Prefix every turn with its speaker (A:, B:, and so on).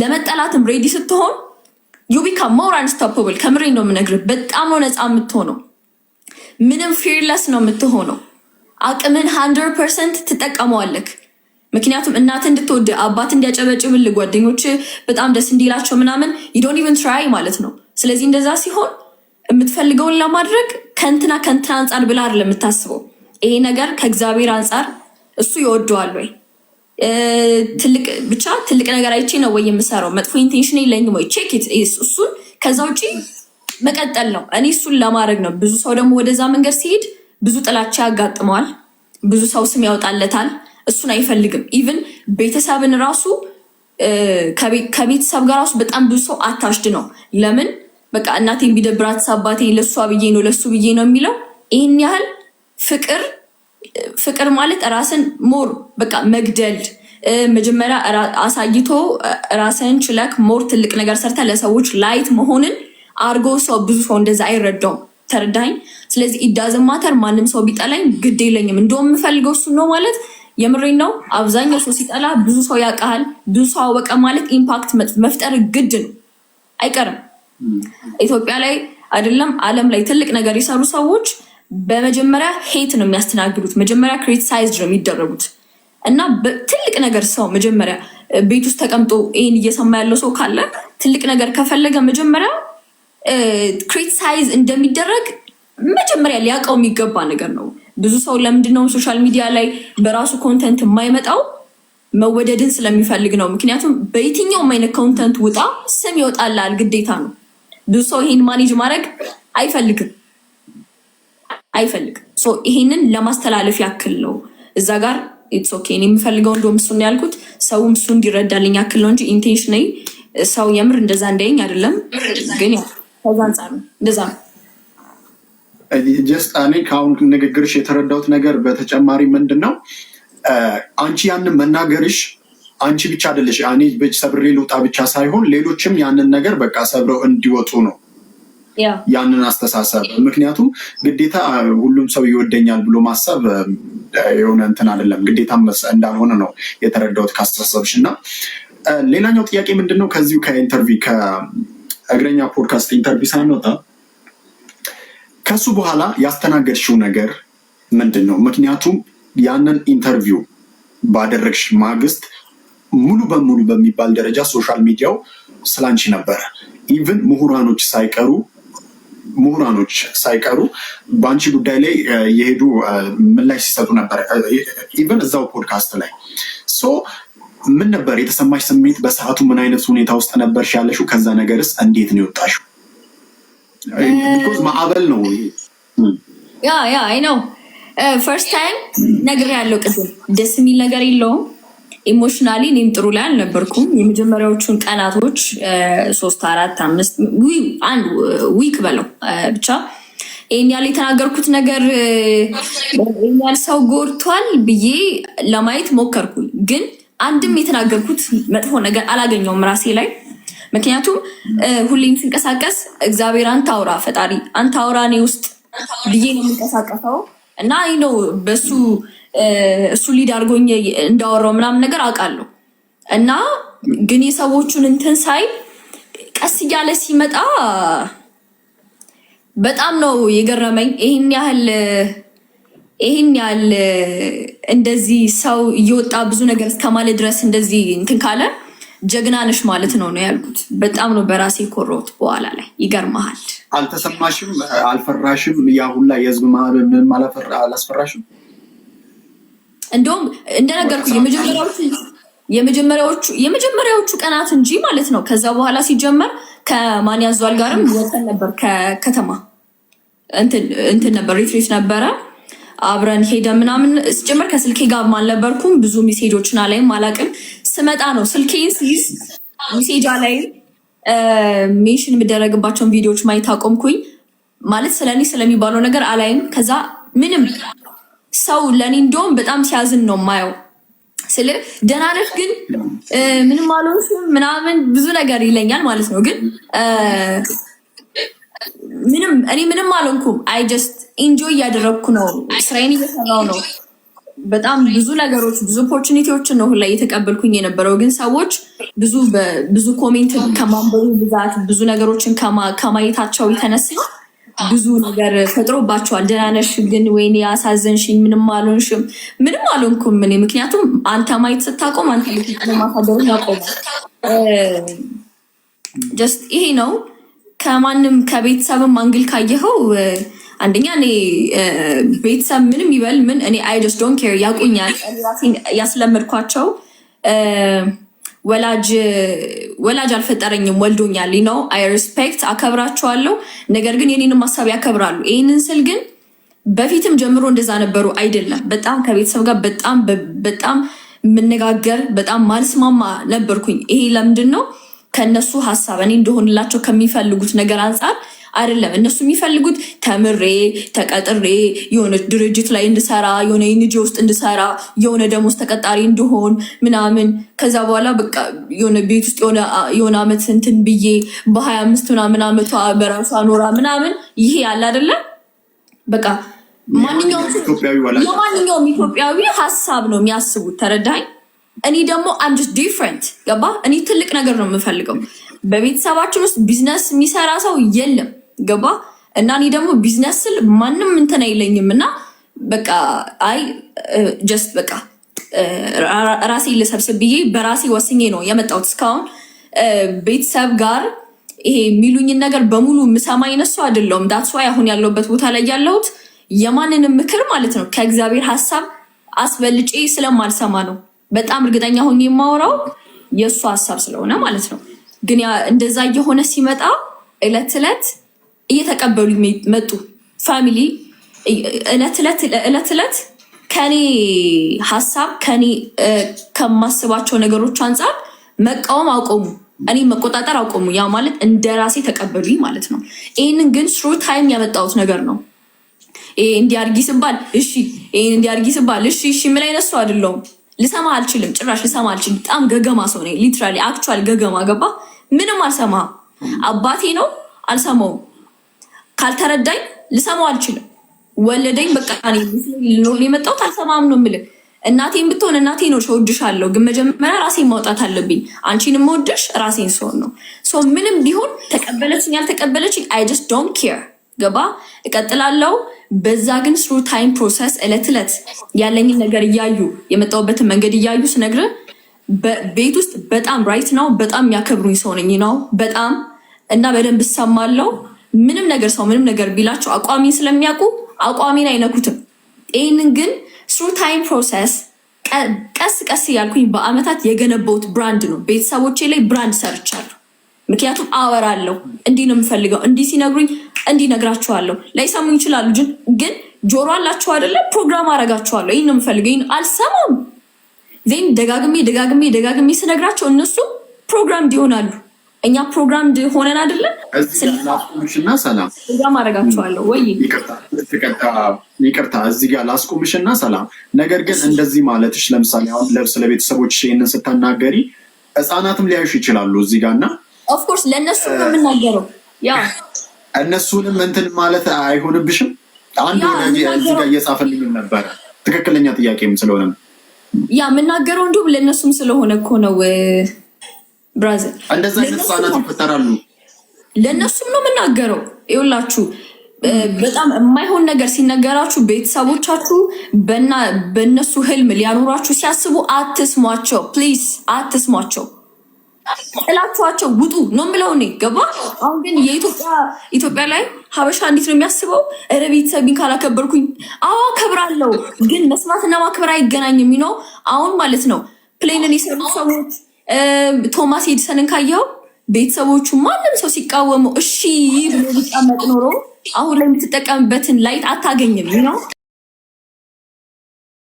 A: ለመጠላትም ሬዲ ስትሆን ዩቢካ ሞር አንስቶፕብል። ከምሬ ነው የምነግርህ። በጣም ነው ነፃ የምትሆነው። ምንም ፊርለስ ነው የምትሆነው። አቅምን ሀንድረድ ፐርሰንት ትጠቀመዋለክ። ምክንያቱም እናት እንድትወድ አባት እንዲያጨበጭብል ጓደኞች በጣም ደስ እንዲላቸው ምናምን ዩዶን ኢቨን ትራይ ማለት ነው። ስለዚህ እንደዛ ሲሆን የምትፈልገውን ለማድረግ ከንትና ከንትና አንጻር ብላ አይደለም የምታስበው። ይሄ ነገር ከእግዚአብሔር አንጻር እሱ ይወደዋል ወይ ትልቅ ብቻ ትልቅ ነገር አይቼ ነው ወይ የምሰራው? መጥፎ ኢንቴንሽን የለኝም ወይ ቼክ እሱን። ከዛ ውጪ መቀጠል ነው። እኔ እሱን ለማድረግ ነው። ብዙ ሰው ደግሞ ወደዛ መንገድ ሲሄድ ብዙ ጥላቻ ያጋጥመዋል። ብዙ ሰው ስም ያወጣለታል። እሱን አይፈልግም። ኢቭን ቤተሰብን ራሱ ከቤተሰብ ጋር ራሱ በጣም ብዙ ሰው አታሽድ ነው። ለምን በቃ እናቴን ቢደብራት አባቴ ለእሷ ብዬ ነው ለሱ ብዬ ነው የሚለው ይህን ያህል ፍቅር ፍቅር ማለት ራስን ሞር በቃ መግደል መጀመሪያ አሳይቶ ራስን ችለክ ሞር ትልቅ ነገር ሰርተ ለሰዎች ላይት መሆንን አርጎ ሰው ብዙ ሰው እንደዛ አይረዳውም። ተረዳኝ። ስለዚህ ኢዳዝማተር ማንም ሰው ቢጠላኝ ግድ የለኝም። እንደውም የምፈልገው እሱ ነው ማለት የምሬ ነው። አብዛኛው ሰው ሲጠላ ብዙ ሰው ያውቃል፣ ብዙ ሰው አወቀ ማለት ኢምፓክት መፍጠር ግድ ነው፣ አይቀርም። ኢትዮጵያ ላይ አይደለም ዓለም ላይ ትልቅ ነገር የሰሩ ሰዎች በመጀመሪያ ሄት ነው የሚያስተናግዱት። መጀመሪያ ክሪቲሳይዝ ነው የሚደረጉት እና ትልቅ ነገር ሰው መጀመሪያ ቤት ውስጥ ተቀምጦ ይህን እየሰማ ያለው ሰው ካለ ትልቅ ነገር ከፈለገ መጀመሪያ ክሪቲሳይዝ እንደሚደረግ መጀመሪያ ሊያውቀው የሚገባ ነገር ነው። ብዙ ሰው ለምንድነው ሶሻል ሚዲያ ላይ በራሱ ኮንተንት የማይመጣው? መወደድን ስለሚፈልግ ነው። ምክንያቱም በየትኛውም አይነት ኮንተንት ውጣ ስም ይወጣላል፣ ግዴታ ነው። ብዙ ሰው ይህን ማኔጅ ማድረግ አይፈልግም። አይፈልግም። ይሄንን ለማስተላለፍ ያክል ነው እዛ ጋር ኢትስ ኦኬ የምፈልገው እንደውም እሱን ያልኩት ሰው እሱ እንዲረዳልኝ ያክል ነው እንጂ ኢንቴንሽን ሰው የምር እንደዛ እንዳይኝ አይደለም። ግን ከዛ አንጻር ነው እንደዛ ነው።
B: ጀስት እኔ ከአሁን ንግግርሽ የተረዳሁት ነገር በተጨማሪ ምንድን ነው አንቺ ያንን መናገርሽ አንቺ ብቻ አይደለሽ እኔ ሰብሬ ልውጣ ብቻ ሳይሆን ሌሎችም ያንን ነገር በቃ ሰብረው እንዲወጡ ነው ያንን አስተሳሰብ ምክንያቱም ግዴታ ሁሉም ሰው ይወደኛል ብሎ ማሰብ የሆነ እንትን አይደለም፣ ግዴታ እንዳልሆነ ነው የተረዳሁት ከአስተሳሰብሽ። እና ሌላኛው ጥያቄ ምንድን ነው ከዚሁ ከኢንተርቪ ከእግረኛ ፖድካስት ኢንተርቪ ሳንወጣ ከሱ በኋላ ያስተናገድሽው ነገር ምንድን ነው? ምክንያቱም ያንን ኢንተርቪው ባደረግሽ ማግስት ሙሉ በሙሉ በሚባል ደረጃ ሶሻል ሚዲያው ስላንቺ ነበረ ኢቨን ምሁራኖች ሳይቀሩ ምሁራኖች ሳይቀሩ በአንቺ ጉዳይ ላይ የሄዱ ምላሽ ሲሰጡ ነበር። ኢቨን እዛው ፖድካስት ላይ ሶ ምን ነበር የተሰማሽ ስሜት? በሰዓቱ ምን አይነት ሁኔታ ውስጥ ነበርሽ ያለሽ? ከዛ ነገርስ እንዴት ነው የወጣሽው? ማዕበል ነው
A: ያ ያ አይ ነው ፈርስት ታይም ነግሬያለሁ። ቅድም ደስ የሚል ነገር የለውም ኢሞሽናሊ እኔም ጥሩ ላይ አልነበርኩም። የመጀመሪያዎቹን ቀናቶች ሶስት አራት አምስት አንድ ዊክ በለው ብቻ ይህን ያህል የተናገርኩት ነገር ይህን ያህል ሰው ጎድቷል ብዬ ለማየት ሞከርኩ፣ ግን አንድም የተናገርኩት መጥፎ ነገር አላገኘውም ራሴ ላይ። ምክንያቱም ሁሌም ስንቀሳቀስ እግዚአብሔር አንተ አውራ ፈጣሪ አንተ አውራ እኔ ውስጥ ብዬ ነው የምንቀሳቀሰው እና ይህ ነው በሱ እሱ ሊድ አድርጎኝ እንዳወራው ምናምን ነገር አውቃለሁ። እና ግን የሰዎቹን እንትን ሳይ ቀስ እያለ ሲመጣ በጣም ነው የገረመኝ። ይህን ያህል ይህን ያህል እንደዚህ ሰው እየወጣ ብዙ ነገር እስከማለት ድረስ እንደዚህ እንትን ካለ ጀግና ነሽ ማለት ነው ነው ያልኩት። በጣም ነው በራሴ ኮሮት በኋላ ላይ ይገርመሃል።
B: አልተሰማሽም? አልፈራሽም? ያሁን ላይ የህዝብ ማህበር ምንም አላስፈራሽም?
A: እንደውም እንደነገርኩ የመጀመሪያዎቹ የመጀመሪያዎቹ የመጀመሪያዎቹ ቀናት እንጂ ማለት ነው። ከዛ በኋላ ሲጀመር ከማን ያዟል ጋርም ወጠን ነበር። ከከተማ እንትን ነበር ሪትሪት ነበረ አብረን ሄደ ምናምን ሲጀመር ከስልኬ ጋር አልነበርኩም። ብዙ ሚሴጆችን አላይም አላቅም። ስመጣ ነው ስልኬን ሲይዝ ሚሴጅ አላይም። ሜንሽን የምደረግባቸውን ቪዲዮዎች ማየት አቆምኩኝ። ማለት ስለኔ ስለሚባለው ነገር አላይም። ከዛ ምንም ሰው ለእኔ እንደውም በጣም ሲያዝን ነው ማየው። ስለ ደህና ነሽ ግን ምንም አልሆንሽም ምናምን ብዙ ነገር ይለኛል ማለት ነው። ግን ምንም እኔ ምንም አልሆንኩም። አይ ጀስት ኢንጆይ እያደረግኩ ነው፣ ስራዬን እየሰራው ነው። በጣም ብዙ ነገሮች ብዙ ኦፖርቹኒቲዎችን ነው ላይ እየተቀበልኩኝ የነበረው። ግን ሰዎች ብዙ ብዙ ኮሜንት ከማንበቡ ብዛት ብዙ ነገሮችን ከማየታቸው የተነሳ ብዙ ነገር ፈጥሮባቸዋል። ደህና ነሽ ግን ወይኔ አሳዘንሽኝ፣ ምንም አልሆንሽም፣ ምንም አልሆንኩም እኔ ምክንያቱም አንተ ማየት ስታቆም አንተ ማሳደሩ ያቆም ጀስት ይሄ ነው። ከማንም ከቤተሰብም አንግል ካየኸው አንደኛ እኔ ቤተሰብ ምንም ይበል ምን እኔ አይ ጀስት ዶንት ኬር ያቁኛል፣ ያስለመድኳቸው ወላጅ አልፈጠረኝም ወልዶኛል ነው። አይ ሪስፔክት አከብራቸዋለሁ። ነገር ግን የኔንም ሀሳብ ያከብራሉ። ይህንን ስል ግን በፊትም ጀምሮ እንደዛ ነበሩ አይደለም። በጣም ከቤተሰብ ጋር በጣም በጣም የምነጋገር በጣም ማልስማማ ነበርኩኝ። ይሄ ለምንድን ነው? ከእነሱ ሀሳብ እኔ እንደሆንላቸው ከሚፈልጉት ነገር አንጻር አይደለም። እነሱ የሚፈልጉት ተምሬ ተቀጥሬ የሆነ ድርጅት ላይ እንድሰራ የሆነ ኢንጂ ውስጥ እንድሰራ የሆነ ደሞዝ ተቀጣሪ እንድሆን ምናምን ከዛ በኋላ በቃ የሆነ ቤት ውስጥ የሆነ አመት እንትን ብዬ በሀያ አምስት ምናምን አመቷ በራሷ ኖራ ምናምን ይሄ ያለ አይደለም በቃ የማንኛውም ኢትዮጵያዊ ሀሳብ ነው የሚያስቡት። ተረዳኝ። እኔ ደግሞ አንድ ዲፍረንት ገባ። እኔ ትልቅ ነገር ነው የምፈልገው። በቤተሰባችን ውስጥ ቢዝነስ የሚሰራ ሰው የለም። ገባ እና እኔ ደግሞ ቢዝነስ ስል ማንም እንትን አይለኝም እና በቃ አይ ጀስት በቃ ራሴ ልሰብስብ ብዬ በራሴ ወስኜ ነው የመጣሁት። እስካሁን ቤተሰብ ጋር ይሄ የሚሉኝን ነገር በሙሉ ምሰማ ይነሱ አይደለውም። ዳትስ ዋይ አሁን ያለሁበት ቦታ ላይ ያለሁት የማንንም ምክር ማለት ነው ከእግዚአብሔር ሀሳብ አስበልጬ ስለማልሰማ ነው። በጣም እርግጠኛ ሆኜ የማወራው የእሱ ሀሳብ ስለሆነ ማለት ነው። ግን እንደዛ እየሆነ ሲመጣ እለት እለት እየተቀበሉ መጡ። ፋሚሊ እለት እለት ከኔ ሀሳብ ከኔ ከማስባቸው ነገሮች አንጻር መቃወም አቆሙ። እኔ መቆጣጠር አቆሙ። ያ ማለት እንደ ራሴ ተቀበሉኝ ማለት ነው። ይህንን ግን ስሩ ታይም ያመጣሁት ነገር ነው። ይሄ እንዲያርጊ ስባል እሺ፣ ይሄን እንዲያርጊ ስባል እሺ፣ እሺ ምን አይነሱ አይደለሁም። ልሰማ አልችልም፣ ጭራሽ ልሰማ አልችልም። በጣም ገገማ ሰው ነኝ። ሊትራሊ አክቹዋል ገገማ ገባ። ምንም አልሰማ አባቴ ነው አልሰማውም ካልተረዳኝ ልሰማው አልችልም። ወለደኝ በቃ ልኖር የመጣሁት አልሰማም ነው የምልህ። እናቴን ብትሆን እናቴ ነው እወድሻለሁ፣ ግን መጀመሪያ ራሴን ማውጣት አለብኝ። አንቺን የምወድሽ ራሴን ስሆን ነው። ምንም ቢሆን ተቀበለችኝ ያልተቀበለችኝ አይ ጀስት ዶንት ኬር ገባ እቀጥላለሁ። በዛ ግን ስሩ ታይም ፕሮሰስ እለት እለት ያለኝን ነገር እያዩ የመጣሁበትን መንገድ እያዩ ስነግር ቤት ውስጥ በጣም ራይት ነው በጣም የሚያከብሩኝ ሰው ነኝ ነው በጣም እና በደንብ እሰማለሁ። ምንም ነገር ሰው ምንም ነገር ቢላቸው አቋሚን ስለሚያውቁ አቋሚን አይነኩትም። ይህንን ግን ስሩ ታይም ፕሮሰስ ቀስ ቀስ እያልኩኝ በአመታት የገነባሁት ብራንድ ነው። ቤተሰቦቼ ላይ ብራንድ ሰርቻለሁ። ምክንያቱም አወራለሁ፣ እንዲህ ነው የምፈልገው፣ እንዲህ ሲነግሩኝ እንዲህ ነግራችኋለሁ። ላይሰሙኝ ይችላሉ፣ ግን ጆሮ አላችሁ አይደለ? ፕሮግራም አረጋችኋለሁ። ይህን ነው የምፈልገው፣ ይህን አልሰማም። ዜን ደጋግሜ ደጋግሜ ደጋግሜ ስነግራቸው እነሱ ፕሮግራም ይሆናሉ። እኛ ፕሮግራም ሆነን አይደለም
B: ላስቆምሽና፣ ሰላም
A: ፕሮግራም አደርጋችኋለሁ ወይ?
B: ይቅርታ እዚህ ጋር ላስቆምሽና፣ ሰላም። ነገር ግን እንደዚህ ማለትሽ ለምሳሌ አሁን ለብስ ለቤተሰቦች ይህንን ስታናገሪ ህፃናትም ሊያዩሽ ይችላሉ እዚህ ጋር እና
A: ኦፍኮርስ ለእነሱ የምናገረው ያ
B: እነሱንም እንትን ማለት አይሆንብሽም። አንዱ እዚህ ጋር እየጻፈልኝም ነበረ ትክክለኛ ጥያቄም ስለሆነ
A: ያ የምናገረው እንዲሁም ለእነሱም ስለሆነ እኮ ነው ብራዘር
B: አይነት ህጻናት ይፈጠራሉ።
A: ለእነሱም ነው የምናገረው። ይኸውላችሁ በጣም የማይሆን ነገር ሲነገራችሁ ቤተሰቦቻችሁ በእነሱ ህልም ሊያኖራችሁ ሲያስቡ አትስሟቸው፣ ፕሊዝ አትስሟቸው። ጥላችኋቸው ውጡ ነው የምለው እኔ ገባ። አሁን ግን የኢትዮጵያ ላይ ሀበሻ እንዴት ነው የሚያስበው? ኧረ ቤተሰቤን ካላከበርኩኝ፣ አዎ አከብራለሁ፣ ግን መስማትና ማክበር አይገናኝም ነው አሁን ማለት ነው ፕሌንን የሰሩ ሰዎች ቶማስ ኤዲሰንን ካየው ቤተሰቦቹ ማንም ሰው ሲቃወመው እሺ ብሎ ሊቀመጥ ኖሮ አሁን ላይ የምትጠቀምበትን ላይት አታገኝም ነው።